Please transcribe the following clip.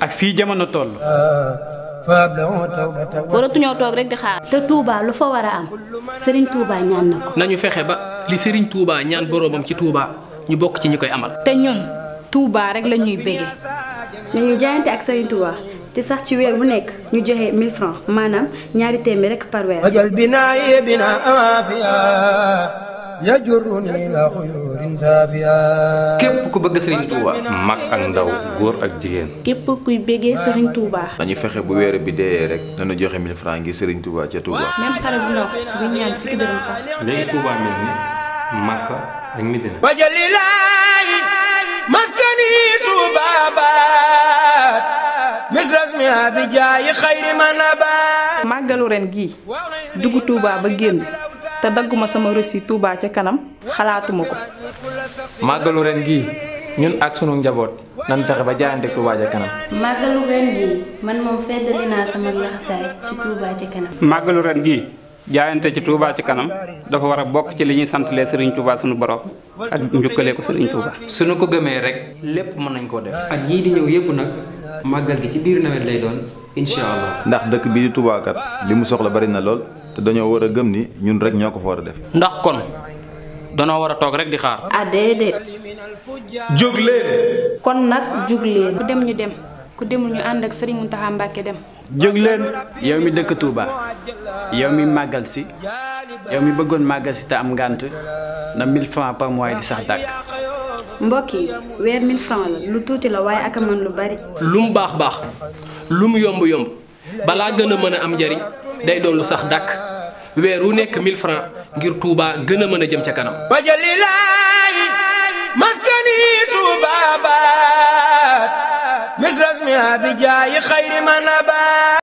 ak fii jamono toll. waratuñoo toog rek di xaar. te Touba lu fa war a am Serigne Touba ñaan nañu fexe ba li Serigne Touba ñaan boroomam ci Touba ñu bokk ci ñi koy amal. te ñun Touba rek la ñuy bége. nañu jaayante ak Serigne Touba te sax ci weer bu nekk ñu joxe 1000 francs maanaam ñaari téeméer rek par weer. yajuruni la xuyurin képp ku bëgg Serigne Touba. mag ak ndaw góor ak jigéen. képp kuy bëggee Serigne Touba. dañu fexe bu weer bi deeyee rek. dana joxe 1000 francs ngir Serigne Touba ca Touba. même xale bu ndaw bu ñaan fukki ni Makka ak Medina. ren gii dugg Touba ba génn. te dagguma sama yi tuubaa ca kanam xalaatuma ko. màggalu ren gi ñun ak sunu njaboot nan fexe ba jaayante Touba ca kanam. màggalu ren gi man moom feddali ci Touba kanam. màggalu ren ci kanam dafa war a bokk ci li ñuy santalee Serigne Touba sunu borom ak njukkalee ko Serigne Touba. sunu ko gëmee rek lépp mën nañ koo def. ak ñii di ñëw yëpp nag màggal gi ci biir nawet lay doon incha ndax dëkk bii di Touba li mu soxla bari na lool. te dañoo wara gëm ni ñun rek ñoko ko fa def. ndax kon dañoo wara tok rek di xaar. a ah, déedéet. jog leen. kon nak jog leen. ku dem ñu dem ku dem ñu and ak Serigne muntaha Mbacké dem. jog leen. yow mi dëkk Touba yow mi magal si yow mi bëggoon magal si te am ngant na 1000 francs par mois di sax dak mbokki yi 1000 francs la lu tuti la way ak man lu bari. lu mu bax bax lu mu yomb yomb. balaa gën a mën a am njariñ day doon lu sax dàkk weer wu nekk 1000 francs ngir Touba gën a mën a jëm ca kanam. wajalilaayi maskani Touba misras mi abijaayi xayri man abaat